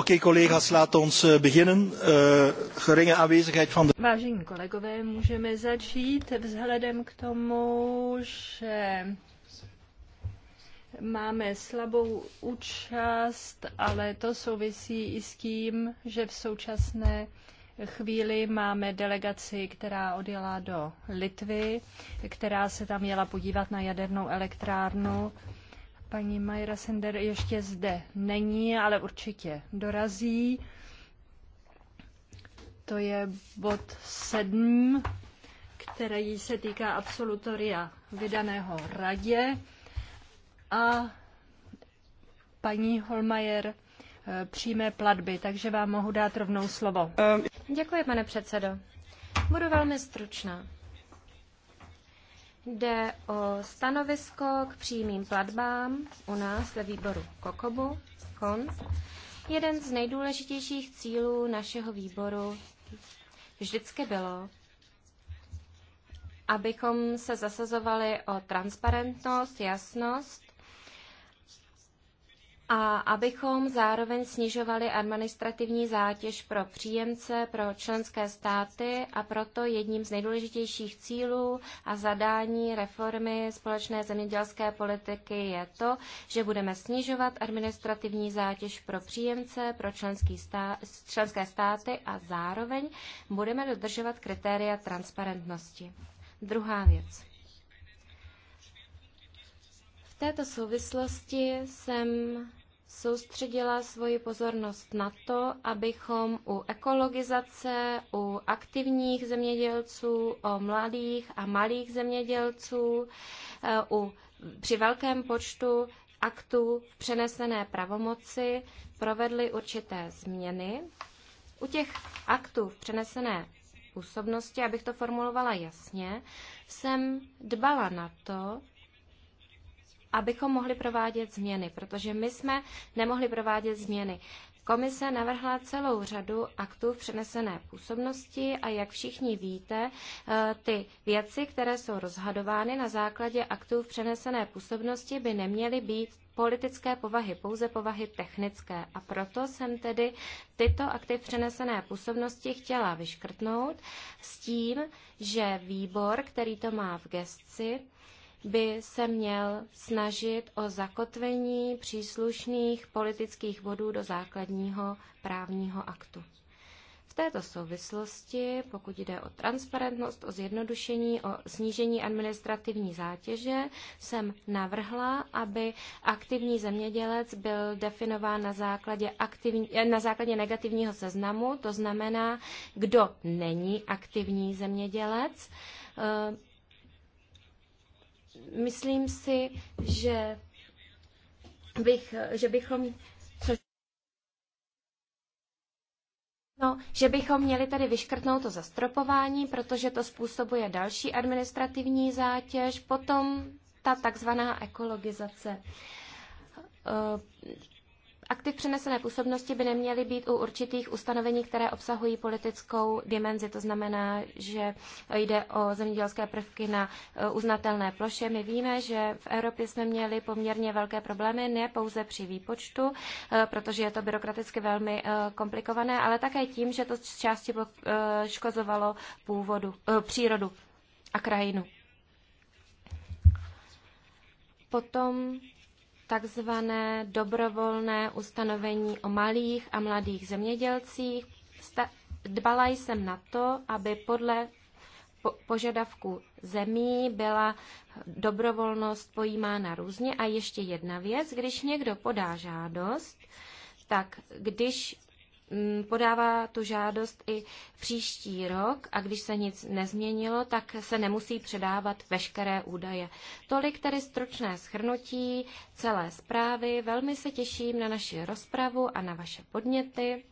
Oké, collega's, ons eh, beginnen. Eh, geringe aanwezigheid van de... Vážení kolegové, můžeme začít vzhledem k tomu, že máme slabou účast, ale to souvisí i s tím, že v současné chvíli máme delegaci, která odjela do Litvy, která se tam jela podívat na jadernou elektrárnu. Paní Majra Sender ještě zde není, ale určitě dorazí. To je bod sedm, který se týká absolutoria vydaného radě. A paní Holmajer eh, přímé platby, takže vám mohu dát rovnou slovo. Děkuji, pane předsedo. Budu velmi stručná. Jde o stanovisko k přímým platbám u nás ve výboru Kokobu, KON. Jeden z nejdůležitějších cílů našeho výboru vždycky bylo, abychom se zasazovali o transparentnost, jasnost a abychom zároveň snižovali administrativní zátěž pro příjemce, pro členské státy a proto jedním z nejdůležitějších cílů a zadání reformy společné zemědělské politiky je to, že budeme snižovat administrativní zátěž pro příjemce, pro stá, členské státy a zároveň budeme dodržovat kritéria transparentnosti. Druhá věc V této souvislosti jsem soustředila svoji pozornost na to, abychom u ekologizace, u aktivních zemědělců, o mladých a malých zemědělců, eh, u, při velkém počtu aktů v přenesené pravomoci provedli určité změny. U těch aktů v přenesené působnosti, abych to formulovala jasně, jsem dbala na to, abychom mohli provádět změny, protože my jsme nemohli provádět změny. Komise navrhla celou řadu aktů v přenesené působnosti a jak všichni víte, eh, ty věci, které jsou rozhadovány na základě aktů v přenesené působnosti, by neměly být politické povahy, pouze povahy technické. A proto jsem tedy tyto akty v přenesené působnosti chtěla vyškrtnout s tím, že výbor, který to má v gestci, by se měl snažit o zakotvení příslušných politických bodů do základního právního aktu. V této souvislosti, pokud jde o transparentnost, o zjednodušení, o snížení administrativní zátěže, jsem navrhla, aby aktivní zemědělec byl definován na základě, aktivní, eh, na základě negativního seznamu, to znamená, kdo není aktivní zemědělec eh, myslím si, že, bych, že bychom No, že bychom měli tady vyškrtnout to zastropování, protože to způsobuje další administrativní zátěž, potom ta takzvaná ekologizace. Eh, Aktiv přenesené působnosti by neměly být u určitých ustanovení, které obsahují politickou dimenzi. To znamená, že jde o zemědělské prvky na eh, uznatelné ploše. My víme, že v Evropě jsme měli poměrně velké problémy, ne pouze při výpočtu, eh, protože je to byrokraticky velmi eh, komplikované, ale také tím, že to z části škozovalo původu, přírodu a krajinu. Potom takzvané dobrovolné ustanovení o malých a mladých zemědělcích. Dbala jsem na to, aby podle požadavku zemí byla dobrovolnost pojímána různě. A ještě jedna věc, když někdo podá žádost, tak když Mm, podává tu žádost i příští rok a když se nic nezměnilo, tak se nemusí předávat veškeré údaje. Tolik tedy stručné schrnutí celé zprávy. Velmi se těším na naši rozpravu a na vaše podněty.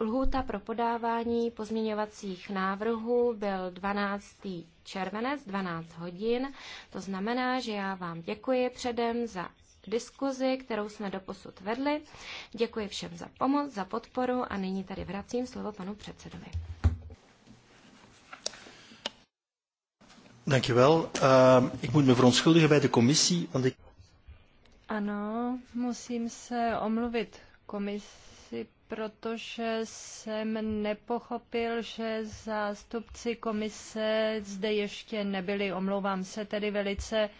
Lhůta pro podávání pozměňovacích návrhů byl 12. červenec, 12 hodin. To znamená, že já vám děkuji předem za diskuzi, kterou jsme doposud vedli. Děkuji všem za pomoc, za podporu a nyní tady vracím slovo panu předsedovi. Dank Uh, ik moet me verontschuldigen bij de commissie, want ik... Ano, musím se omluvit komisi, protože jsem nepochopil, že zástupci komise zde ještě nebyli. Omlouvám se tedy velice.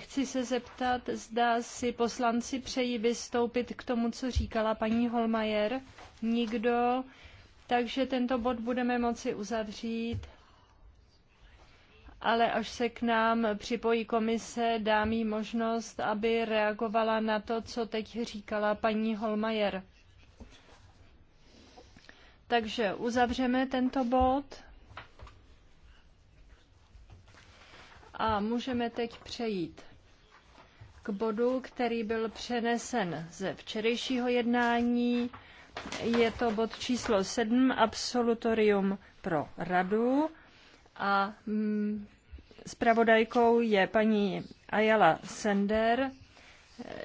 Chci se zeptat, zda si poslanci přejí vystoupit k tomu, co říkala paní Holmajer. Nikdo. Takže tento bod budeme moci uzavřít. Ale až se k nám připojí komise, dám jí možnost, aby reagovala na to, co teď říkala paní Holmajer. Takže uzavřeme tento bod. A můžeme teď přejít k bodu, který byl přenesen ze včerejšího jednání. Je to bod číslo 7, absolutorium pro radu. A mm, zpravodajkou spravodajkou je paní Ayala Sender.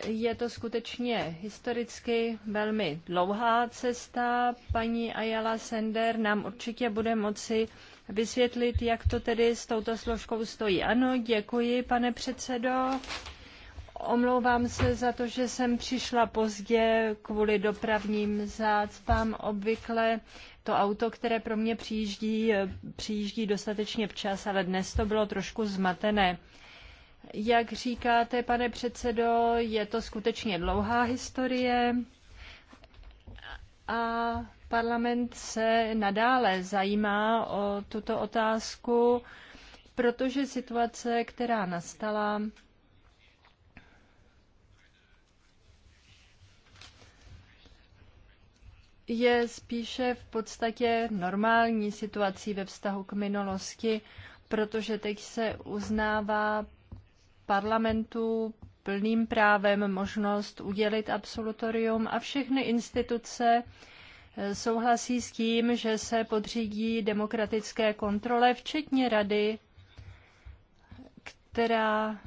Je to skutečně historicky velmi dlouhá cesta. Paní Ayala Sender nám určitě bude moci vysvětlit, jak to tedy s touto složkou stojí. Ano, děkuji, pane předsedo. Omlouvám se za to, že jsem přišla pozdě kvůli dopravním zácpám. Obvykle to auto, které pro mě přijíždí, přijíždí dostatečně včas, ale dnes to bylo trošku zmatené. Jak říkáte, pane předsedo, je to skutečně dlouhá historie a Parlament se nadále zajímá o tuto otázku, protože situace, která nastala, je spíše v podstatě normální situací ve vztahu k minulosti, protože teď se uznává parlamentu plným právem možnost udělit absolutorium a všechny instituce, souhlasí s tím, že se podřídí demokratické kontrole, včetně rady, která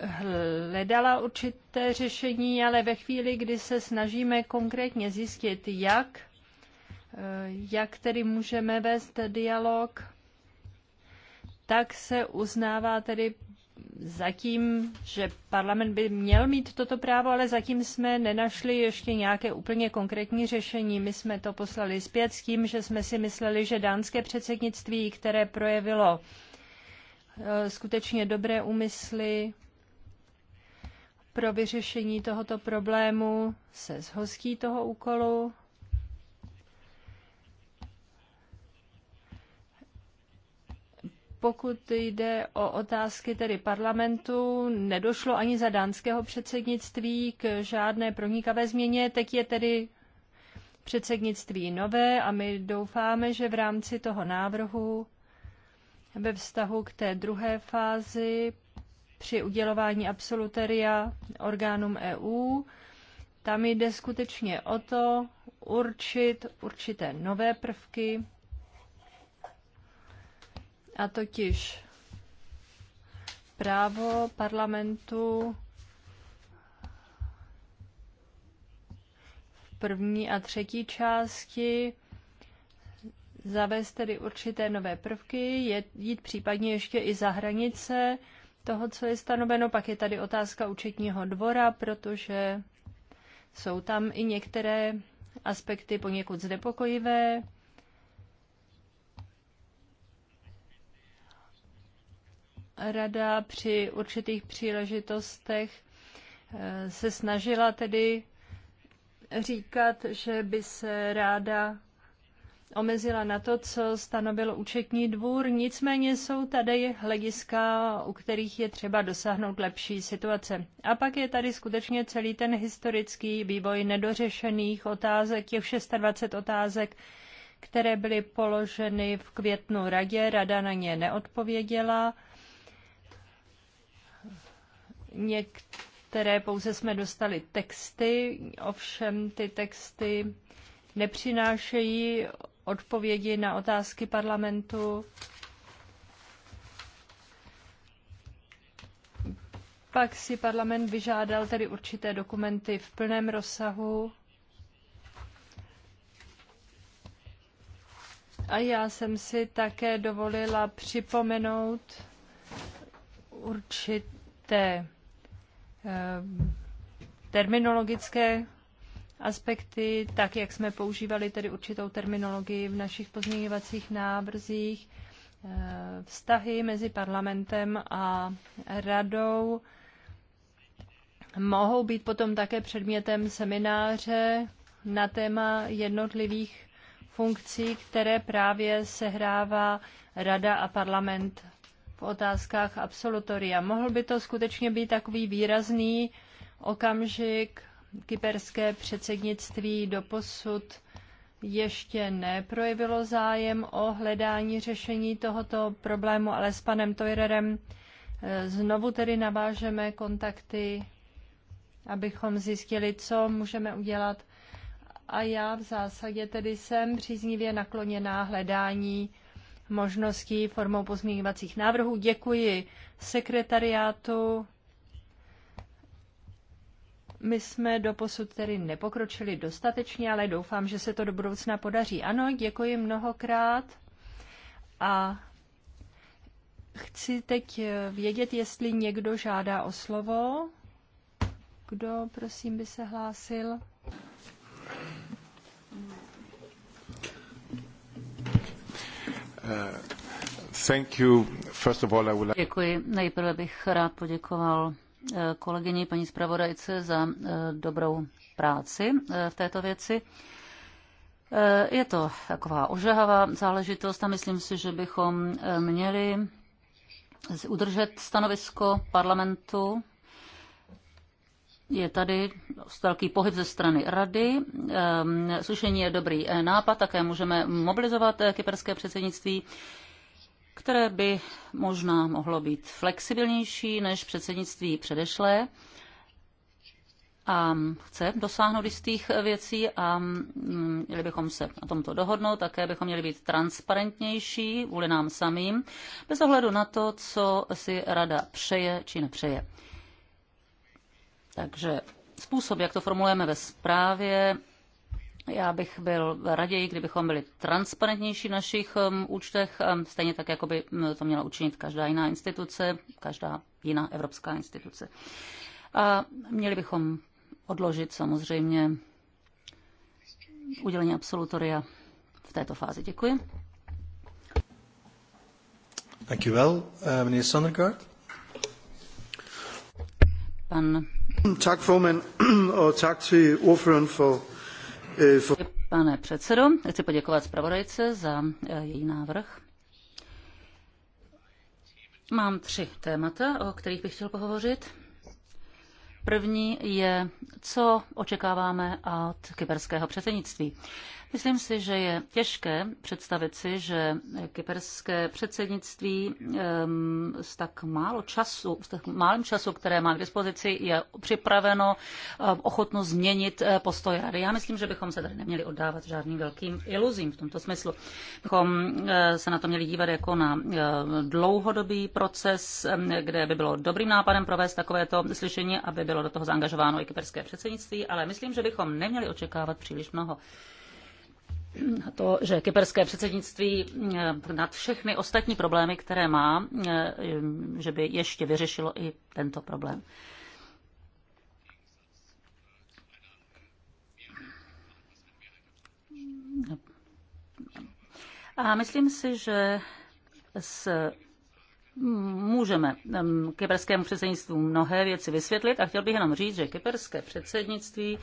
hledala určité řešení, ale ve chvíli, kdy se snažíme konkrétně zjistit, jak, jak tedy můžeme vést dialog, tak se uznává tedy zatím, že parlament by měl mít toto právo, ale zatím jsme nenašli ještě nějaké úplně konkrétní řešení. My jsme to poslali zpět s tím, že jsme si mysleli, že dánské předsednictví, které projevilo eh, skutečně dobré úmysly pro vyřešení tohoto problému, se zhostí toho úkolu Pokud jde o otázky tedy parlamentu, nedošlo ani za dánského předsednictví k žádné pronikavé změně. Teď je tedy předsednictví nové a my doufáme, že v rámci toho návrhu ve vztahu k té druhé fázi při udělování absoluteria orgánům EU. Tam jde skutečně o to určit určité nové prvky, a totiž právo parlamentu v první a třetí části zavést tedy určité nové prvky, je, jít případně ještě i za hranice toho, co je stanoveno. Pak je tady otázka účetního dvora, protože jsou tam i některé aspekty poněkud znepokojivé. rada při určitých příležitostech eh, se snažila tedy říkat, že by se ráda omezila na to, co stanovil účetní dvůr. Nicméně jsou tady hlediska, u kterých je třeba dosáhnout lepší situace. A pak je tady skutečně celý ten historický vývoj nedořešených otázek, těch 26 otázek, které byly položeny v květnu radě. Rada na ně neodpověděla. Některé pouze jsme dostali texty, ovšem ty texty nepřinášejí odpovědi na otázky parlamentu. Pak si parlament vyžádal tedy určité dokumenty v plném rozsahu. A já jsem si také dovolila připomenout určité Eh, terminologické aspekty, tak jak jsme používali tedy určitou terminologii v našich pozměňovacích návrzích, eh, vztahy mezi parlamentem a radou mohou být potom také předmětem semináře na téma jednotlivých funkcí, které právě sehrává rada a parlament otázkách absolutoria. Mohl by to skutečně být takový výrazný okamžik kyperské předsednictví doposud ještě neprojevilo zájem o hledání řešení tohoto problému, ale s panem Toirerem eh, znovu tedy navážeme kontakty, abychom zjistili, co můžeme udělat. A já v zásadě tedy jsem příznivě nakloněná hledání možností formou pozměňovacích návrhů. Děkuji sekretariátu. My jsme do posud tedy nepokročili dostatečně, ale doufám, že se to do budoucna podaří. Ano, děkuji mnohokrát a chci teď vědět, jestli někdo žádá o slovo. Kdo, prosím, by se hlásil? Děkuji. Nejprve bych rád poděkoval eh, kolegyni paní zpravodajce za eh, dobrou práci eh, v této věci. Je to taková ožehavá záležitost a myslím si, že bychom měli udržet stanovisko parlamentu je tady velký pohyb ze strany rady. Ehm, Slušení je dobrý nápad, také můžeme mobilizovat eh, kyperské předsednictví, které by možná mohlo být flexibilnější než předsednictví předešlé a chce dosáhnout jistých eh, věcí a mm, měli bychom se na tomto dohodnout, také bychom měli být transparentnější vůli nám samým, bez ohledu na to, co si rada přeje či nepřeje. Takže způsob, jak to formulujeme ve zprávě, já bych byl raději, kdybychom byli transparentnější v našich um, účtech, um, stejně tak, jako by um, to měla učinit každá jiná instituce, každá jiná evropská instituce. A měli bychom odložit samozřejmě udělení absolutoria v této fázi. Děkuji. Thank you well, uh, Sondergaard. Øh, Pane předsedo, chci poděkovat zpravodajce za eh, její návrh. Mám tři témata, o kterých bych chtěl pohovořit. První je, co očekáváme od kyberského předsednictví. Myslím si, že je těžké představit si, že kyperské předsednictví s tak málo času, s tak málem času, které má k dispozici, je připraveno ochotno změnit eh, postoj rady. Já myslím, že bychom se tady neměli oddávat žádným velkým iluzím v tomto smyslu. Bychom eh, se na to měli dívat jako na eh, dlouhodobý proces, kde by bylo dobrým nápadem provést takovéto slyšení, aby bylo do toho zaangažováno i kyperské předsednictví, ale myslím, že bychom neměli očekávat příliš mnoho to, že kyperské předsednictví eh, nad všechny ostatní problémy, které má, eh, že by ještě vyřešilo i tento problém. A myslím si, že s můžeme kyperskému předsednictví mnohé věci vysvětlit a chtěl bych jenom říct, že kyperské předsednictví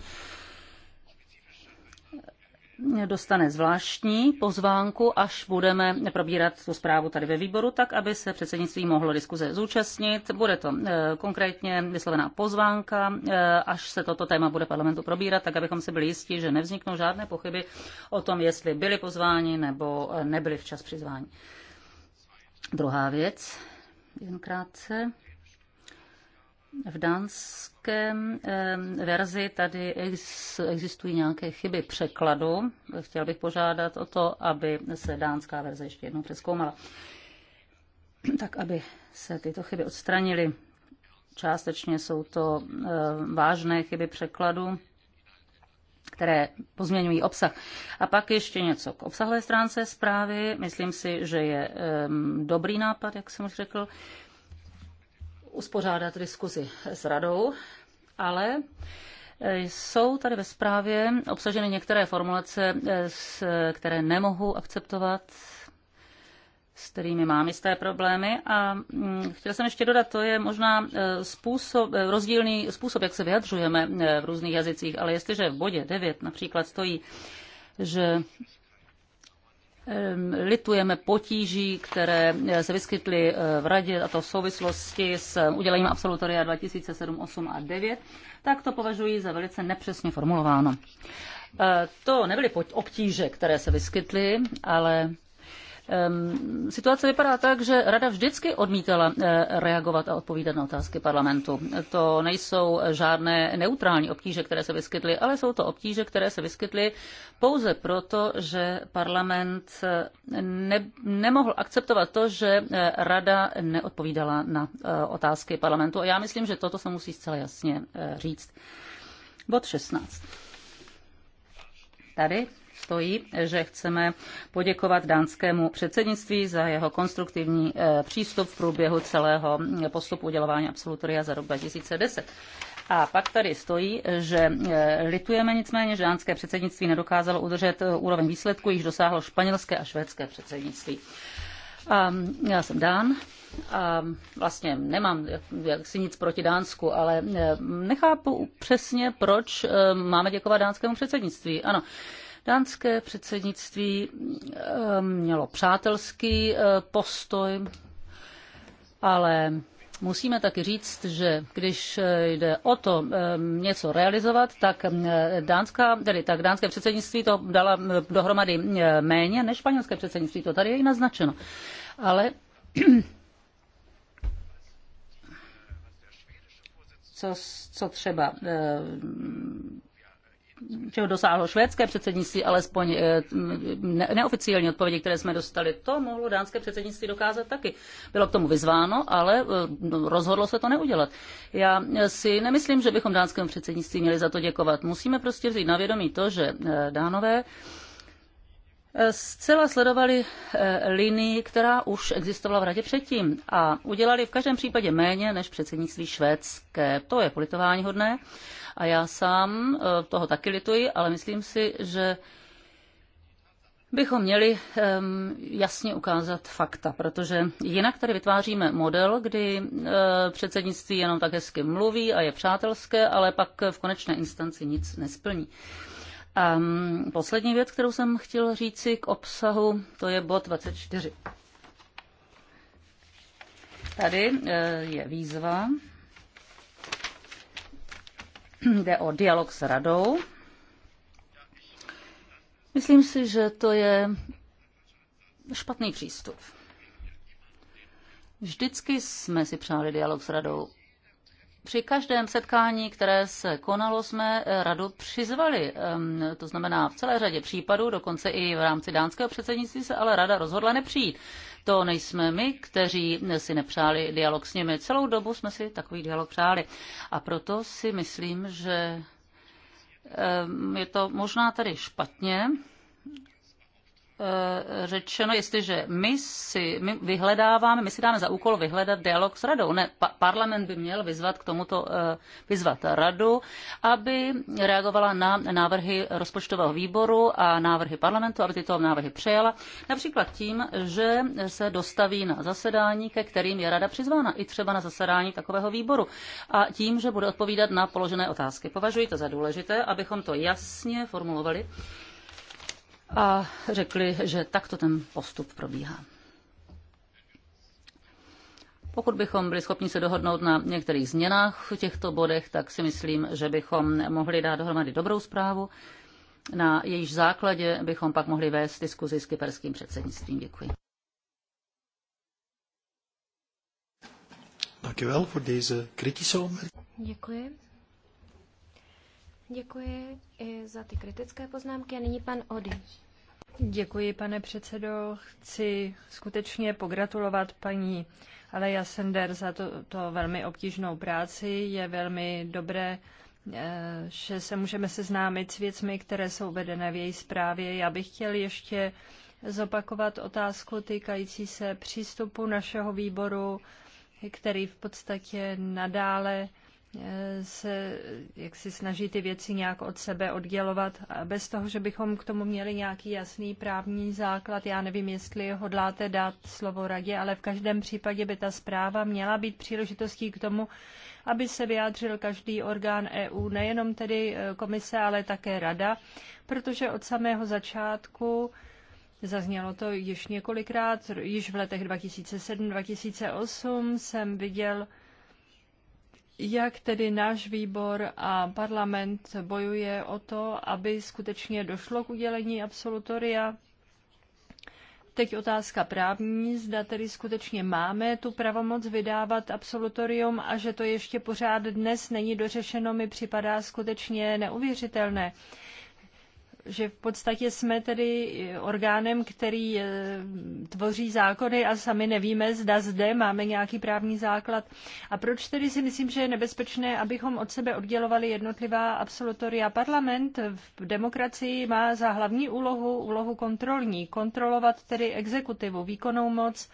dostane zvláštní pozvánku, až budeme probírat tu zprávu tady ve výboru, tak aby se předsednictví mohlo diskuze zúčastnit. Bude to eh, konkrétně vyslovená pozvánka, eh, až se toto téma bude parlamentu probírat, tak abychom si byli jistí, že nevzniknou žádné pochyby o tom, jestli byli pozváni nebo eh, nebyli včas přizváni. Druhá věc, jen krátce v dánské verzi tady existují nějaké chyby překladu. Chtěl bych požádat o to, aby se dánská verze ještě jednou přeskoumala, tak aby se tyto chyby odstranily. Částečně jsou to vážné chyby překladu, které pozměňují obsah. A pak ještě něco k obsahové stránce zprávy. Myslím si, že je dobrý nápad, jak jsem už řekl uspořádat diskuzi s radou, ale e, jsou tady ve zprávě obsaženy některé formulace, e, které nemohu akceptovat, s kterými mám jisté problémy. A mm, chtěl jsem ještě dodat, to je možná e, způsob, rozdílný způsob, jak se vyjadřujeme v různých jazycích, ale jestliže v bodě 9 například stojí, že litujeme potíží, které eh, se vyskytly eh, v radě, a to v souvislosti s eh, udělením absolutoria 2007, 8 a 9, tak to považuji za velice nepřesně formulováno. To nebyly obtíže, které se vyskytly, ale Situace vypadá tak, že Rada vždycky odmítala eh, reagovat a odpovídat na otázky parlamentu. To nejsou žádné neutrální obtíže, které se vyskytly, ale jsou to obtíže, které se vyskytly pouze proto, že parlament eh, ne, nemohl akceptovat to, že eh, Rada neodpovídala na otázky parlamentu. A já myslím, že toto se musí zcela jasně říct. Bod 16. Tady stojí, že chceme poděkovat dánskému předsednictví za jeho konstruktivní eh, přístup v průběhu celého eh, postupu udělování absolutoria za rok 2010. A pak tady stojí, že eh, litujeme nicméně, že dánské předsednictví nedokázalo udržet úroveň výsledku, již dosáhlo španělské a švédské předsednictví. A já jsem Dán a vlastně nemám jaksi nic proti Dánsku, ale nechápu přesně, proč máme děkovat dánskému předsednictví. Ano, Dánské předsednictví eh, mělo přátelský eh, postoj, ale musíme taky říct, že když eh, jde o to něco realizovat, tak, dánská, tedy tak dánské předsednictví to dala dohromady méně než španělské předsednictví. To tady je i naznačeno. Ale co, co třeba čeho dosáhlo švédské předsednictví, alespoň eh, neoficiální odpovědi, které jsme dostali, to mohlo dánské předsednictví dokázat taky. Bylo k tomu vyzváno, ale eh, rozhodlo se to neudělat. Já si nemyslím, že bychom dánskému předsednictví měli za to děkovat. Musíme prostě vzít na vědomí to, že eh, dánové Eh, zcela sledovali eh, linii, která už existovala v radě předtím a udělali v každém případě méně než předsednictví švédské. To je politování hodné a já sám eh, toho taky lituji, ale myslím si, že bychom měli ehm, jasně ukázat fakta, protože jinak tady vytváříme model, kdy předsednictví jenom tak hezky mluví a je přátelské, ale pak v konečné instanci nic nesplní. A poslední věc, kterou jsem chtěl říci k obsahu, to je bod 24. Tady e, je výzva, jde o dialog s radou. Myslím si, že to je špatný přístup. Vždycky jsme si přáli dialog s radou při každém setkání, které se konalo, jsme eh, radu přizvali. To znamená, v celé řadě případů, dokonce i v rámci dánského předsednictví, se ale rada rozhodla nepřijít. To nejsme my, kteří si nepřáli dialog s nimi. Celou dobu jsme si takový dialog přáli. A proto si myslím, že je to možná tady špatně, Eh, řečeno, jestliže my si my vyhledáváme, my si dáme za úkol vyhledat dialog s radou. Ne, pa, parlament by měl vyzvat k tomuto, eh, vyzvat radu, aby reagovala na návrhy rozpočtového výboru a návrhy parlamentu, aby tyto návrhy přejala. Například tím, že se dostaví na zasedání, ke kterým je rada přizvána, i třeba na zasedání takového výboru. A tím, že bude odpovídat na položené otázky. Považuji to za důležité, abychom to jasně formulovali a řekli, že takto ten postup probíhá. Pokud bychom byli schopni se dohodnout na některých změnách v těchto bodech, tak si myslím, že bychom mohli dát dohromady dobrou zprávu. Na jejíž základě bychom pak mohli vést diskuzi s kyperským předsednictvím. Děkuji. Děkuji. Děkuji i za ty kritické poznámky. A nyní pan Ody. Děkuji, pane předsedo. Chci skutečně pogratulovat paní Aleja Sender za to, to velmi obtížnou práci. Je velmi dobré, eh, že se můžeme seznámit s věcmi, které jsou vedené v její zprávě. Já bych chtěl ještě zopakovat otázku týkající se přístupu našeho výboru, který v podstatě nadále Eh, se jak si snaží ty věci nějak od sebe oddělovat, bez toho, že bychom k tomu měli nějaký jasný právní základ. Já nevím, jestli hodláte dát slovo radě, ale v každém případě by ta zpráva měla být příležitostí k tomu, aby se vyjádřil každý orgán EU, nejenom tedy eh, komise, ale také rada, protože od samého začátku Zaznělo to již několikrát, již v letech 2007-2008 jsem viděl jak tedy náš výbor a parlament bojuje o to, aby skutečně došlo k udělení absolutoria. Teď otázka právní, zda tedy skutečně máme tu pravomoc vydávat absolutorium a že to ještě pořád dnes není dořešeno, mi připadá skutečně neuvěřitelné že v podstatě jsme tedy orgánem, který eh, tvoří zákony a sami nevíme, zda zde máme nějaký právní základ. A proč tedy si myslím, že je nebezpečné, abychom od sebe oddělovali jednotlivá absolutoria? Parlament v demokracii má za hlavní úlohu úlohu kontrolní, kontrolovat tedy exekutivu, výkonnou moc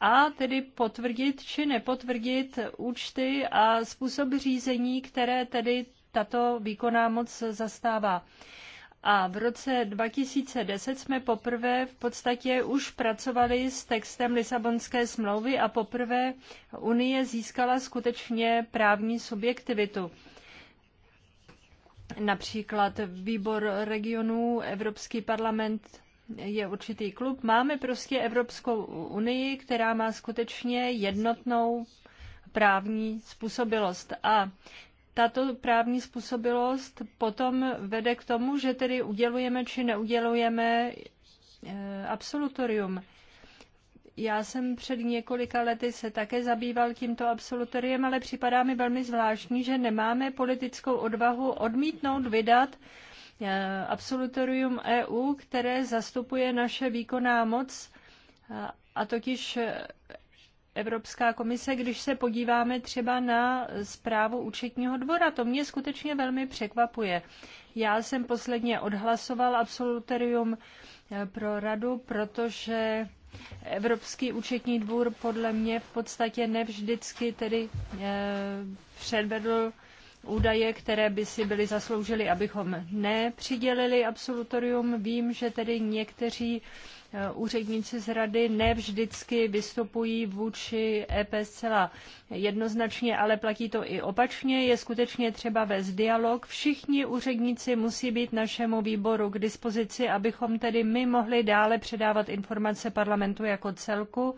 a tedy potvrdit či nepotvrdit účty a způsob řízení, které tedy tato výkonná moc zastává. A v roce 2010 jsme poprvé v podstatě už pracovali s textem Lisabonské smlouvy a poprvé Unie získala skutečně právní subjektivitu. Například výbor regionů, Evropský parlament je určitý klub. Máme prostě Evropskou unii, která má skutečně jednotnou právní způsobilost. A tato právní způsobilost potom vede k tomu, že tedy udělujeme či neudělujeme eh, absolutorium. Já jsem před několika lety se také zabýval tímto absolutoriem, ale připadá mi velmi zvláštní, že nemáme politickou odvahu odmítnout vydat eh, absolutorium EU, které zastupuje naše výkonná moc, eh, a totiž Evropská komise, když se podíváme třeba na zprávu účetního dvora. To mě skutečně velmi překvapuje. Já jsem posledně odhlasoval absoluterium eh, pro radu, protože Evropský účetní dvůr podle mě v podstatě nevždycky tedy eh, předvedl údaje, které by si byly zasloužily, abychom nepřidělili absolutorium. Vím, že tedy někteří eh, úředníci z rady nevždycky vystupují vůči EP zcela jednoznačně, ale platí to i opačně. Je skutečně třeba vést dialog. Všichni úředníci musí být našemu výboru k dispozici, abychom tedy my mohli dále předávat informace parlamentu jako celku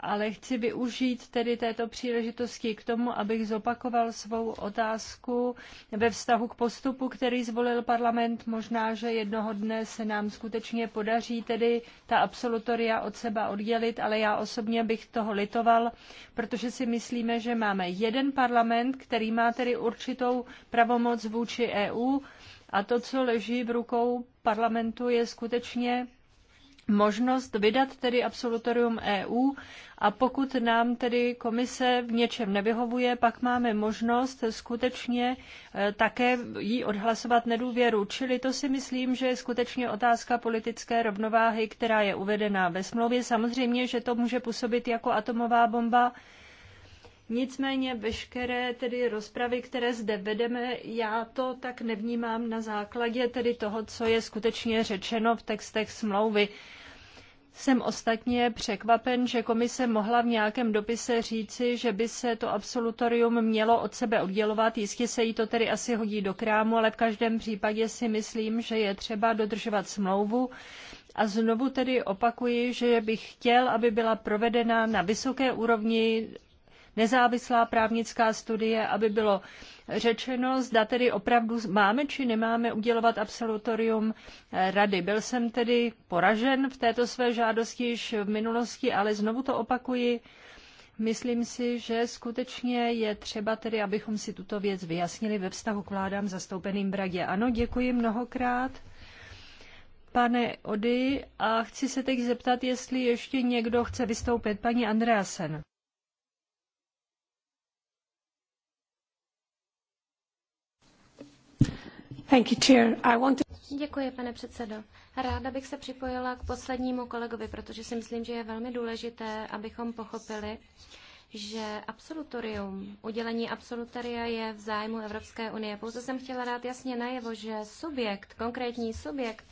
ale chci využít tedy této příležitosti k tomu, abych zopakoval svou otázku ve vztahu k postupu, který zvolil parlament. Možná, že jednoho dne se nám skutečně podaří tedy ta absolutoria od sebe oddělit, ale já osobně bych toho litoval, protože si myslíme, že máme jeden parlament, který má tedy určitou pravomoc vůči EU a to, co leží v rukou parlamentu, je skutečně možnost vydat tedy absolutorium EU a pokud nám tedy komise v něčem nevyhovuje, pak máme možnost skutečně e, také jí odhlasovat nedůvěru. Čili to si myslím, že je skutečně otázka politické rovnováhy, která je uvedená ve smlouvě. Samozřejmě, že to může působit jako atomová bomba, Nicméně veškeré tedy rozpravy, které zde vedeme, já to tak nevnímám na základě tedy toho, co je skutečně řečeno v textech smlouvy. Jsem ostatně překvapen, že komise mohla v nějakém dopise říci, že by se to absolutorium mělo od sebe oddělovat. Jistě se jí to tedy asi hodí do krámu, ale v každém případě si myslím, že je třeba dodržovat smlouvu. A znovu tedy opakuji, že bych chtěl, aby byla provedena na vysoké úrovni nezávislá právnická studie, aby bylo řečeno, zda tedy opravdu máme či nemáme udělovat absolutorium eh, rady. Byl jsem tedy poražen v této své žádosti již v minulosti, ale znovu to opakuji. Myslím si, že skutečně je třeba tedy, abychom si tuto věc vyjasnili ve vztahu k vládám zastoupeným v radě. Ano, děkuji mnohokrát pane Ody a chci se teď zeptat, jestli ještě někdo chce vystoupit. Paní Andreasen. Děkuji, pane předsedo. Ráda bych se připojila k poslednímu kolegovi, protože si myslím, že je velmi důležité, abychom pochopili, že absolutorium, udělení absolutoria je v zájmu Evropské unie. Pouze jsem chtěla dát jasně najevo, že subjekt, konkrétní subjekt,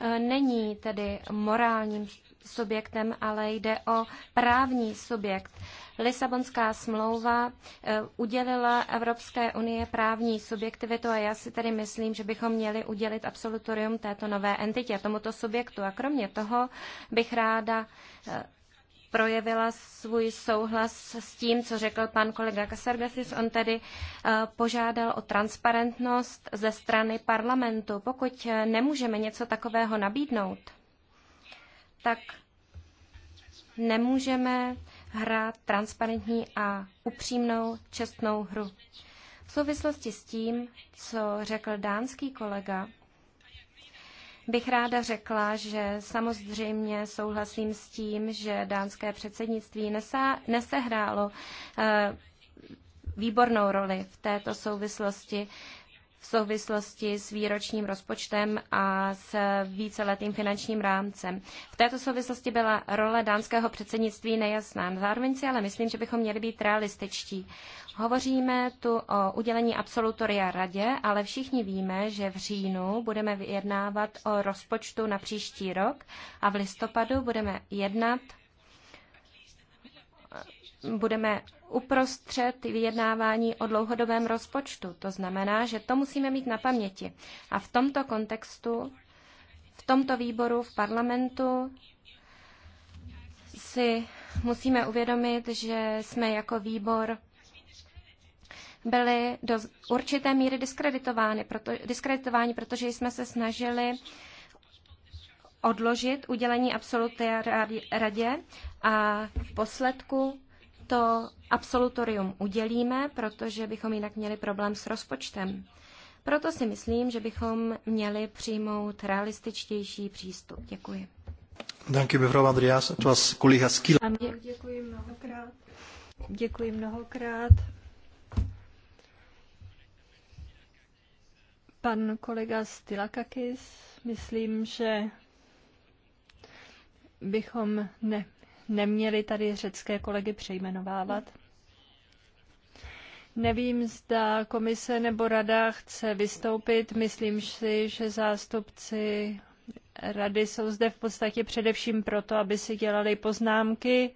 eh, není tedy morálním subjektem, ale jde o právní subjekt. Lisabonská smlouva eh, udělila Evropské unie právní subjektivitu a já si tedy myslím, že bychom měli udělit absolutorium této nové entitě, tomuto subjektu. A kromě toho bych ráda eh, projevila svůj souhlas s tím, co řekl pan kolega Kasargasis. On tedy eh, požádal o transparentnost ze strany parlamentu. Pokud nemůžeme něco takového nabídnout, tak nemůžeme hrát transparentní a upřímnou, čestnou hru. V souvislosti s tím, co řekl dánský kolega, bych ráda řekla, že samozřejmě souhlasím s tím, že dánské předsednictví nesá, nesehrálo eh, výbornou roli v této souvislosti v souvislosti s výročním rozpočtem a s víceletým finančním rámcem. V této souvislosti byla role dánského předsednictví nejasná. Zároveň si ale myslím, že bychom měli být realističtí. Hovoříme tu o udělení absolutoria radě, ale všichni víme, že v říjnu budeme vyjednávat o rozpočtu na příští rok a v listopadu budeme jednat budeme uprostřed vyjednávání o dlouhodobém rozpočtu. To znamená, že to musíme mít na paměti. A v tomto kontextu, v tomto výboru, v parlamentu si musíme uvědomit, že jsme jako výbor byli do určité míry diskreditovány, proto, diskreditováni, protože jsme se snažili odložit udělení absoluté radě a v posledku to absolutorium udělíme, protože bychom jinak měli problém s rozpočtem. Proto si myslím, že bychom měli přijmout realističtější přístup. Děkuji. Danke, Frau Andreas. To vás kolega Skila. Děkuji mnohokrát. Děkuji mnohokrát. Pan kolega Stylakakis, myslím, že bychom ne neměli tady řecké kolegy přejmenovávat. Nevím, zda komise nebo rada chce vystoupit. Myslím si, že zástupci rady jsou zde v podstatě především proto, aby si dělali poznámky,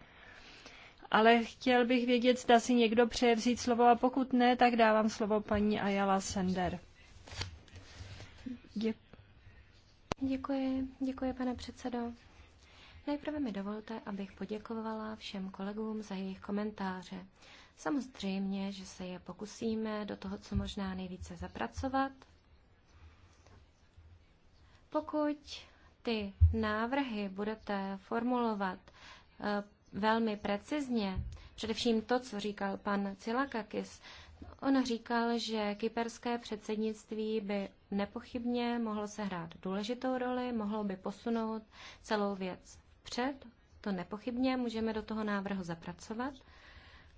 ale chtěl bych vědět, zda si někdo přeje vzít slovo a pokud ne, tak dávám slovo paní Ayala Sender. Děkuji. Děkuji, děkuji pane předsedo. Nejprve mi dovolte, abych poděkovala všem kolegům za jejich komentáře. Samozřejmě, že se je pokusíme do toho, co možná nejvíce zapracovat. Pokud ty návrhy budete formulovat eh, velmi precizně, především to, co říkal pan Cilakakis, on říkal, že kyperské předsednictví by nepochybně mohlo sehrát důležitou roli, mohlo by posunout celou věc vpřed, to nepochybně můžeme do toho návrhu zapracovat,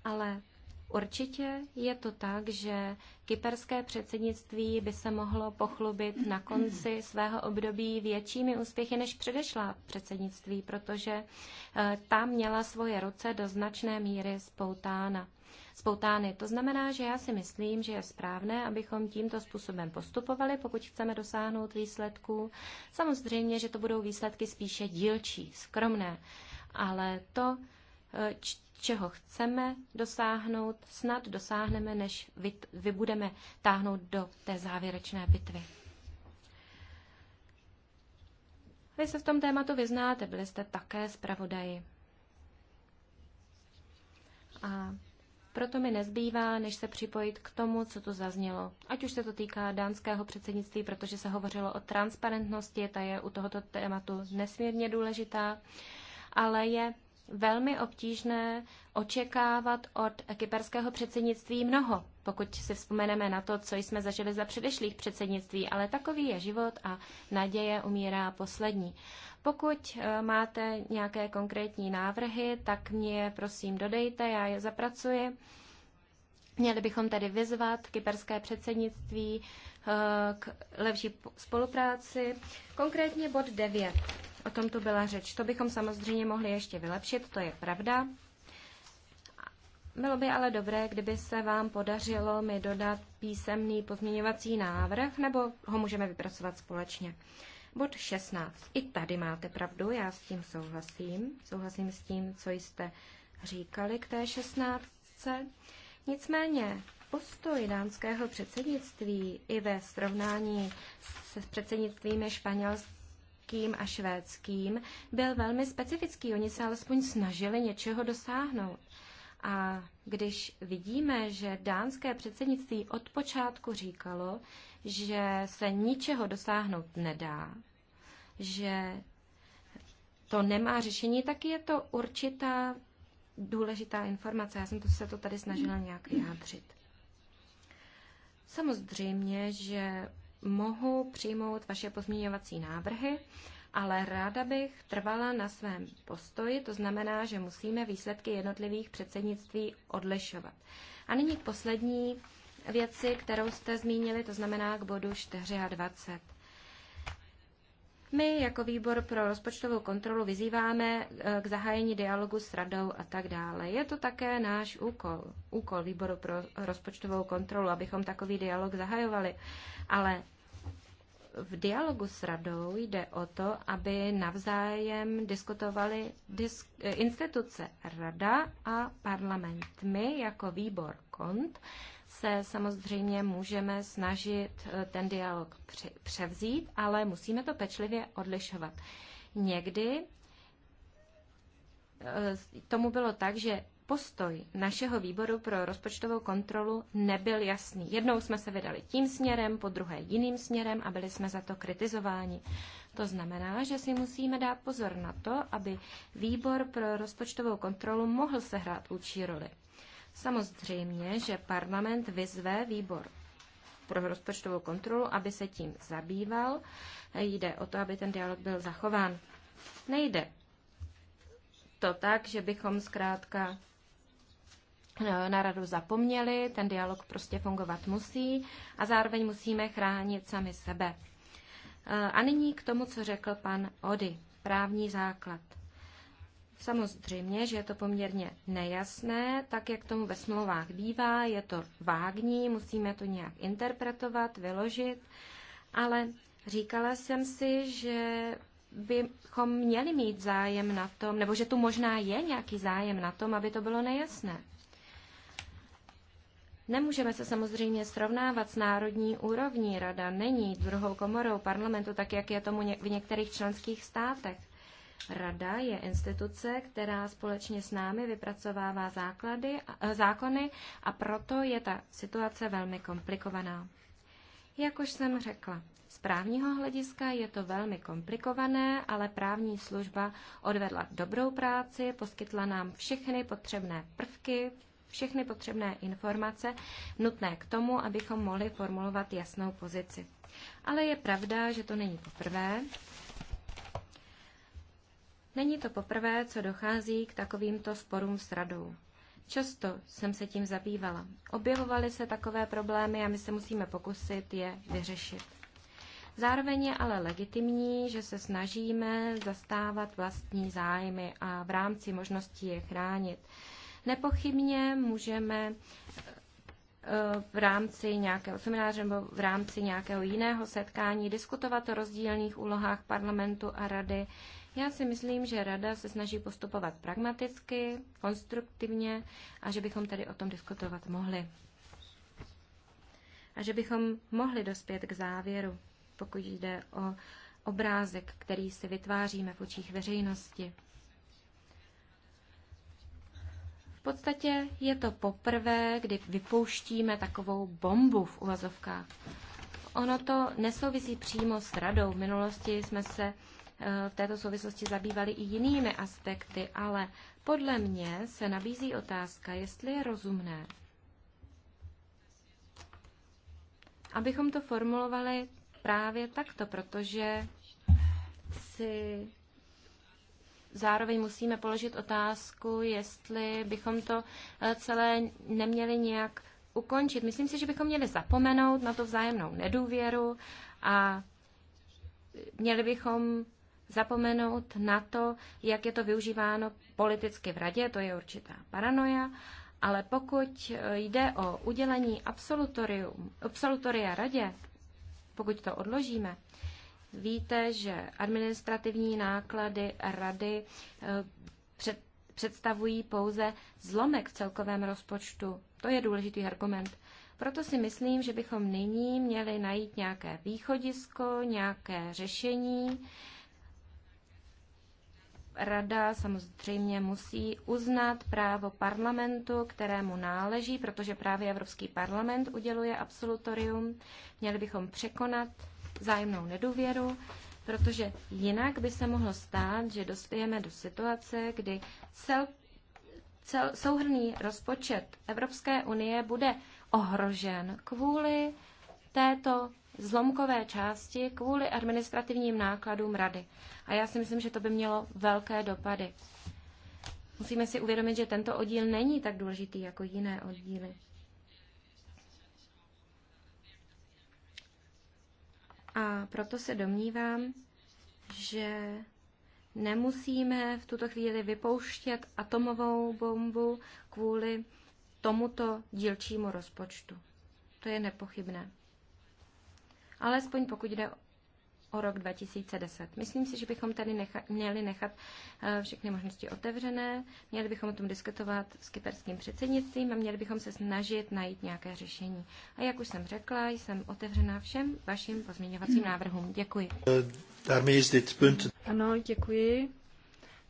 ale určitě je to tak, že kyperské předsednictví by se mohlo pochlubit na konci svého období většími úspěchy než předešlá předsednictví, protože eh, ta měla svoje ruce do značné míry spoutána spoutány. To znamená, že já si myslím, že je správné, abychom tímto způsobem postupovali, pokud chceme dosáhnout výsledků. Samozřejmě, že to budou výsledky spíše dílčí, skromné, ale to, e, čeho chceme dosáhnout, snad dosáhneme, než vybudeme táhnout do té závěrečné bitvy. Vy se v tom tématu vyznáte, byli jste také zpravodaji. A proto mi nezbývá, než se připojit k tomu, co tu zaznělo. Ať už se to týká dánského předsednictví, protože se hovořilo o transparentnosti, ta je u tohoto tématu nesmírně důležitá, ale je velmi obtížné očekávat od kyperského předsednictví mnoho, pokud si vzpomeneme na to, co jsme zažili za předešlých předsednictví, ale takový je život a naděje umírá poslední. Pokud eh, máte nějaké konkrétní návrhy, tak mě je prosím dodejte, já je zapracuji. Měli bychom tedy vyzvat kyperské předsednictví eh, k lepší spolupráci. Konkrétně bod 9 o tom tu byla řeč. To bychom samozřejmě mohli ještě vylepšit, to je pravda. Bylo by ale dobré, kdyby se vám podařilo mi dodat písemný pozměňovací návrh, nebo ho můžeme vypracovat společně. Bod 16. I tady máte pravdu, já s tím souhlasím. Souhlasím s tím, co jste říkali k té 16. Nicméně postoj dánského předsednictví i ve srovnání se předsednictvími španělského norským a švédským, byl velmi specifický. Oni se alespoň snažili něčeho dosáhnout. A když vidíme, že dánské předsednictví od počátku říkalo, že se ničeho dosáhnout nedá, že to nemá řešení, tak je to určitá důležitá informace. Já jsem to, se to tady snažila nějak vyjádřit. Samozřejmě, že mohu přijmout vaše pozměňovací návrhy, ale ráda bych trvala na svém postoji, to znamená, že musíme výsledky jednotlivých předsednictví odlišovat. A nyní k poslední věci, kterou jste zmínili, to znamená k bodu 24. My jako výbor pro rozpočtovou kontrolu vyzýváme e, k zahájení dialogu s radou a tak dále. Je to také náš úkol, úkol výboru pro rozpočtovou kontrolu, abychom takový dialog zahajovali. Ale v dialogu s radou jde o to, aby navzájem diskutovali disk, e, instituce rada a parlament. My jako výbor kont se samozřejmě můžeme snažit eh, ten dialog převzít, ale musíme to pečlivě odlišovat. Někdy eh, tomu bylo tak, že postoj našeho výboru pro rozpočtovou kontrolu nebyl jasný. Jednou jsme se vydali tím směrem, po druhé jiným směrem a byli jsme za to kritizováni. To znamená, že si musíme dát pozor na to, aby výbor pro rozpočtovou kontrolu mohl sehrát vůči roli. Samozřejmě, že parlament vyzve výbor pro rozpočtovou kontrolu, aby se tím zabýval. Jde o to, aby ten dialog byl zachován. Nejde to tak, že bychom zkrátka eh, na radu zapomněli, ten dialog prostě fungovat musí a zároveň musíme chránit sami sebe. Eh, a nyní k tomu, co řekl pan Ody, právní základ. Samozřejmě, že je to poměrně nejasné, tak jak tomu ve smlouvách bývá, je to vágní, musíme to nějak interpretovat, vyložit, ale říkala jsem si, že bychom měli mít zájem na tom, nebo že tu možná je nějaký zájem na tom, aby to bylo nejasné. Nemůžeme se samozřejmě srovnávat s národní úrovní. Rada není druhou komorou parlamentu, tak jak je tomu v některých členských státech. Rada je instituce, která společně s námi vypracovává základy, eh, zákony a proto je ta situace velmi komplikovaná. Jak už jsem řekla, z právního hlediska je to velmi komplikované, ale právní služba odvedla dobrou práci, poskytla nám všechny potřebné prvky, všechny potřebné informace nutné k tomu, abychom mohli formulovat jasnou pozici. Ale je pravda, že to není poprvé, Není to poprvé, co dochází k takovýmto sporům s radou. Často jsem se tím zabývala. Objevovaly se takové problémy a my se musíme pokusit je vyřešit. Zároveň je ale legitimní, že se snažíme zastávat vlastní zájmy a v rámci možností je chránit. Nepochybně můžeme eh, v rámci nějakého semináře nebo v rámci nějakého jiného setkání diskutovat o rozdílných úlohách parlamentu a rady. Já si myslím, že Rada se snaží postupovat pragmaticky, konstruktivně a že bychom tady o tom diskutovat mohli. A že bychom mohli dospět k závěru, pokud jde o obrázek, který si vytváříme v očích veřejnosti. V podstatě je to poprvé, kdy vypouštíme takovou bombu v uvazovkách. Ono to nesouvisí přímo s radou. V minulosti jsme se Eh, v této souvislosti zabývali i jinými aspekty, ale podle mě se nabízí otázka, jestli je rozumné, abychom to formulovali právě takto, protože si zároveň musíme položit otázku, jestli bychom to eh, celé neměli nějak ukončit. Myslím si, že bychom měli zapomenout na to vzájemnou nedůvěru a měli bychom zapomenout na to, jak je to využíváno politicky v radě, to je určitá paranoja, ale pokud jde o udělení absolutoria radě, pokud to odložíme, víte, že administrativní náklady rady eh, před, představují pouze zlomek v celkovém rozpočtu. To je důležitý argument. Proto si myslím, že bychom nyní měli najít nějaké východisko, nějaké řešení, Rada samozřejmě musí uznat právo parlamentu, kterému náleží, protože právě Evropský parlament uděluje absolutorium. Měli bychom překonat zájemnou nedůvěru, protože jinak by se mohlo stát, že dospějeme do situace, kdy cel, cel, souhrný rozpočet Evropské unie bude ohrožen kvůli této zlomkové části kvůli administrativním nákladům rady. A já si myslím, že to by mělo velké dopady. Musíme si uvědomit, že tento oddíl není tak důležitý jako jiné oddíly. A proto se domnívám, že nemusíme v tuto chvíli vypouštět atomovou bombu kvůli tomuto dílčímu rozpočtu. To je nepochybné alespoň pokud jde o rok 2010. Myslím si, že bychom tady necha- měli nechat eh, všechny možnosti otevřené, měli bychom o tom diskutovat s kyperským předsednictvím a měli bychom se snažit najít nějaké řešení. A jak už jsem řekla, jsem otevřená všem vašim pozměňovacím návrhům. Děkuji. Ano, děkuji.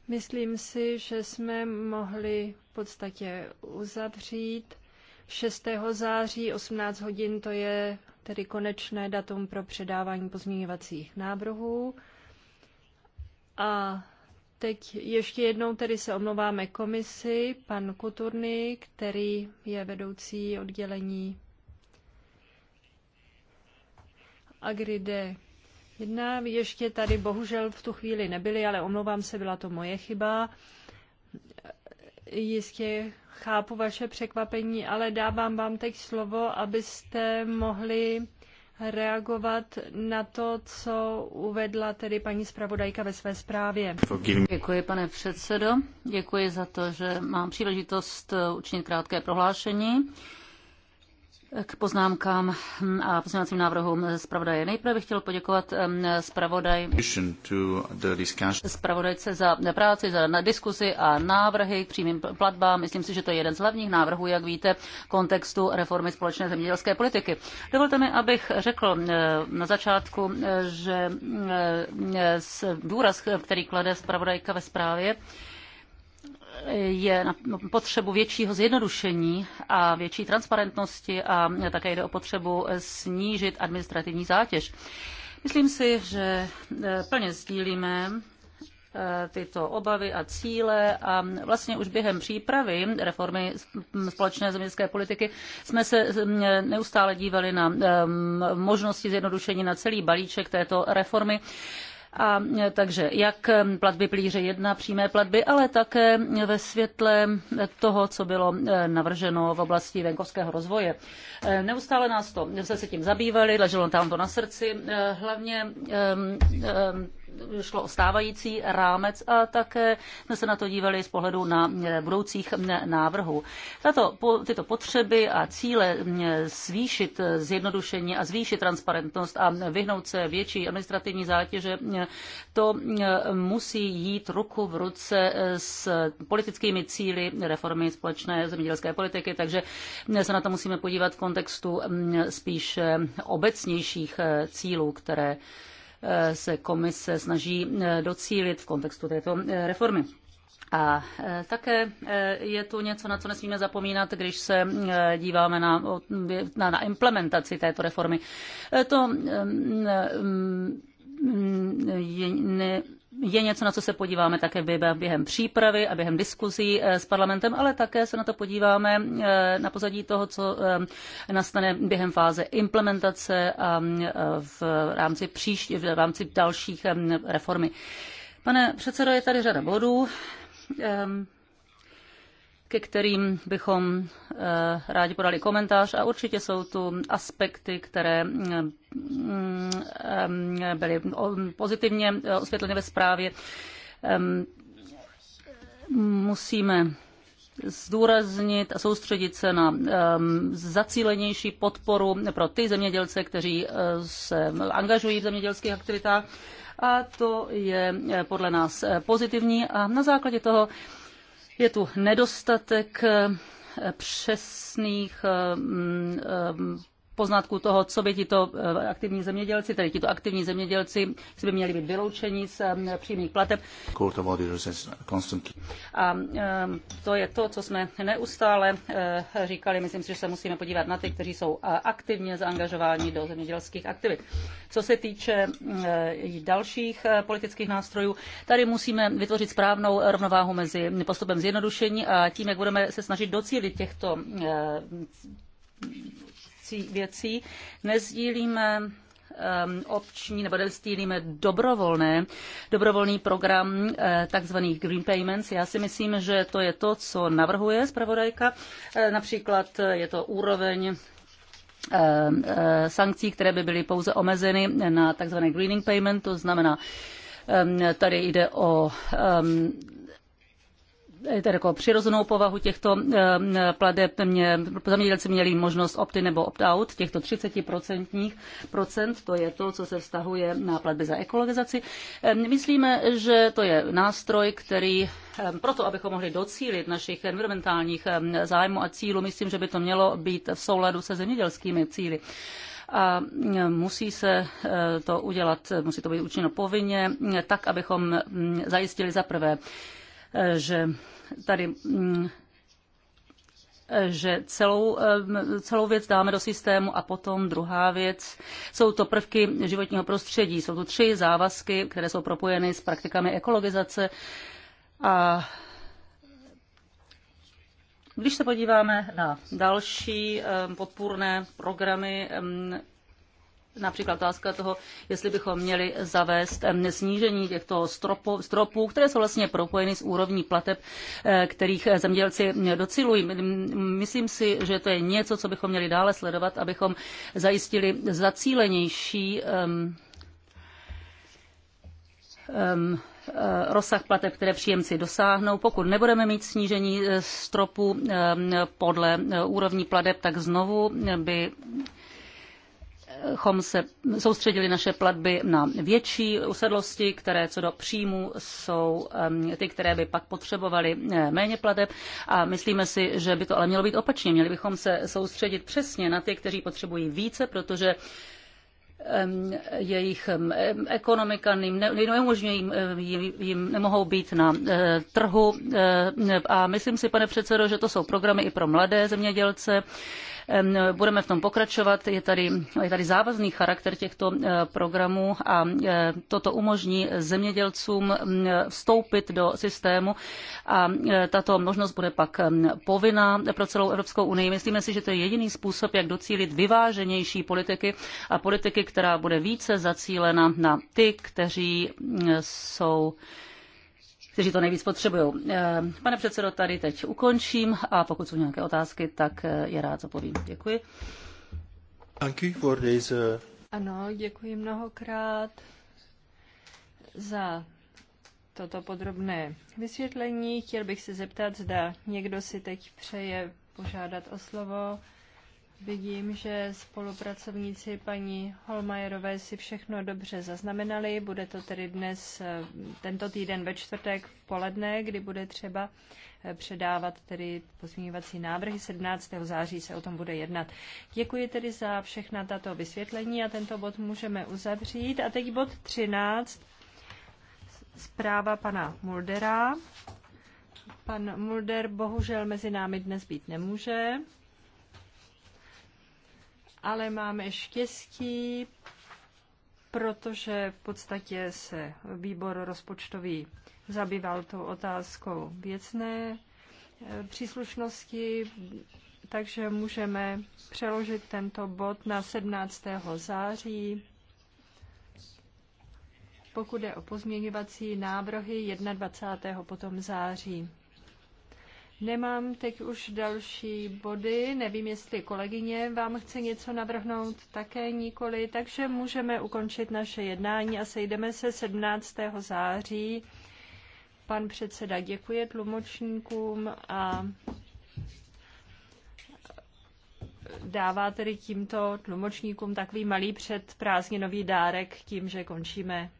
Myslím si, že jsme mohli v podstatě uzavřít 6. září 18 hodin, to je tedy konečné datum pro předávání pozměňovacích návrhů. A teď ještě jednou tedy se omlouváme komisi, pan Kuturny, který je vedoucí oddělení Agride 1. Ještě tady bohužel v tu chvíli nebyli, ale omlouvám se, byla to moje chyba. Jistě chápu vaše překvapení, ale dávám vám teď slovo, abyste mohli reagovat na to, co uvedla tedy paní zpravodajka ve své zprávě. Děkuji, pane předsedo. Děkuji za to, že mám příležitost učinit krátké prohlášení. K poznámkám a pozměňovacím návrhům zpravodaje. Nejprve bych chtěl poděkovat zpravodaj, zpravodajce za práci, za na diskuzi a návrhy k přímým platbám. Myslím si, že to je jeden z hlavních návrhů, jak víte, kontextu reformy společné zemědělské politiky. Dovolte mi, abych řekl na začátku, že důraz, který klade zpravodajka ve zprávě, je na potřebu většího zjednodušení a větší transparentnosti a také jde o potřebu snížit administrativní zátěž. Myslím si, že e, plně sdílíme e, tyto obavy a cíle a vlastně už během přípravy reformy společné zemědělské politiky jsme se e, neustále dívali na možnosti zjednodušení na celý balíček této reformy a takže jak platby plíře jedna přímé platby, ale také ve světle toho, co bylo e, navrženo v oblasti venkovského rozvoje. E, neustále nás to, jsme se tím zabývali, leželo tam to na srdci, e, hlavně šlo o stávající rámec a také jsme se na to dívali z pohledu na eh, budoucích návrhů. Tato, tyto potřeby a cíle zvýšit eh, zjednodušení a zvýšit transparentnost a vyhnout se větší administrativní zátěže, to musí jít ruku v ruce eh, s politickými cíly reformy společné zemědělské politiky, takže se na to musíme podívat v kontextu spíše obecnějších cílů, které se komise snaží eh, docílit v kontextu této eh, reformy. A eh, také je tu něco, na co nesmíme zapomínat, když se díváme na, na, na implementaci této reformy. To mm, mm, je, ne, je něco, na co se podíváme také během přípravy a během diskuzí eh, s parlamentem, ale také se na to podíváme eh, na pozadí toho, co eh, nastane během fáze implementace a v rámci, příští, v rámci dalších reformy. Pane předsedo, je tady řada bodů. Ehm, ke kterým bychom eh, rádi podali komentář a určitě jsou tu aspekty, které mm, mm, eh, byly pozitivně eh, osvětleny ve zprávě. Ehm, musíme zdůraznit a soustředit se na um, zacílenější podporu pro ty zemědělce, kteří se angažují v zemědělských aktivitách. A to je podle nás pozitivní a na základě toho je tu nedostatek eh, přesných eh, mm, eh, poznatku toho, co by tito eh, aktivní zemědělci, tedy tito aktivní zemědělci, by měli být vyloučeni z eh, přímých plateb. A eh, to je to, co jsme neustále říkali. Myslím si, že se musíme podívat na ty, kteří jsou aktivně zaangažováni do zemědělských aktivit. Co se týče dalších politických nástrojů, tady musíme vytvořit správnou rovnováhu mezi postupem zjednodušení a tím, jak budeme se snažit docílit těchto věcí, věcí nezdílíme ehm, opční nebo nezdílíme dobrovolné, dobrovolný program eh, takzvaných green payments. Já si myslím, že to je to, co navrhuje zpravodajka. Eh, například je to úroveň ehm, eh, sankcí, které by byly pouze omezeny na tzv. greening payment, to znamená, ehm, tady jde o tedy jako přirozenou povahu těchto eh, eh, pladeb mě, zemědělci měli možnost opt-in nebo opt-out těchto 30% procent, to je to, co se vztahuje na platby za ekologizaci. Myslíme, že to je nástroj, který proto, abychom mohli docílit našich environmentálních zájmů a cílů, myslím, že by to mělo být v souladu se zemědělskými cíly a musí se eh, to udělat, musí to být učiněno povinně, tak, abychom mm, zajistili za prvé, že tady mm, že celou, mm, celou věc dáme do systému a potom druhá věc, jsou to prvky životního prostředí. Jsou to tři závazky, které jsou propojeny s praktikami ekologizace a když se podíváme na další eh, podpůrné programy mm, například otázka toho, jestli bychom měli zavést snížení těchto stropo, stropů, které jsou vlastně propojeny s úrovní plateb, eh, kterých eh, zemědělci docilují. Myslím si, že to je něco, co bychom měli dále sledovat, abychom zajistili zacílenější um, um, rozsah plateb, které příjemci dosáhnou. Pokud nebudeme mít snížení stropu podle úrovní plateb, tak znovu by chom se soustředili naše platby na větší usedlosti, které co do příjmu jsou ty, které by pak potřebovaly eh, méně plateb. A myslíme si, že by to ale mělo být opačně. Měli bychom se soustředit přesně na ty, kteří potřebují více, protože jejich ekonomika jim jim nemohou být na eh, trhu. Eh, a myslím si, pane předsedo, že to jsou programy i pro mladé zemědělce Budeme v tom pokračovat. Je tady, je tady závazný charakter těchto eh, programů a eh, toto umožní zemědělcům mm, vstoupit do systému a eh, tato možnost bude pak povinná pro celou Evropskou unii. Myslíme si, že to je jediný způsob, jak docílit vyváženější politiky a politiky, která bude více zacílena na ty, kteří mm, jsou kteří to nejvíc potřebují. Eh, pane předsedo, tady teď ukončím a pokud jsou nějaké otázky, tak eh, je rád zapovím. Děkuji. Eh, ano, děkuji mnohokrát za toto podrobné vysvětlení. Chtěl bych se zeptat, zda někdo si teď přeje požádat o slovo. Vidím, že spolupracovníci paní Holmajerové si všechno dobře zaznamenali. Bude to tedy dnes, eh, tento týden ve čtvrtek v poledne, kdy bude třeba eh, předávat tedy pozměňovací návrhy. 17. září se o tom bude jednat. Děkuji tedy za všechna tato vysvětlení a tento bod můžeme uzavřít. A teď bod 13. Zpráva pana Muldera. Pan Mulder bohužel mezi námi dnes být nemůže ale máme štěstí, protože v podstatě se výbor rozpočtový zabýval tou otázkou věcné eh, příslušnosti, takže můžeme přeložit tento bod na 17. září. Pokud je o pozměňovací návrhy 21. potom září. Nemám teď už další body, nevím, jestli kolegyně vám chce něco navrhnout, také nikoli, takže můžeme ukončit naše jednání a sejdeme se 17. září. Pan předseda děkuje tlumočníkům a dává tedy tímto tlumočníkům takový malý předprázdninový dárek tím, že končíme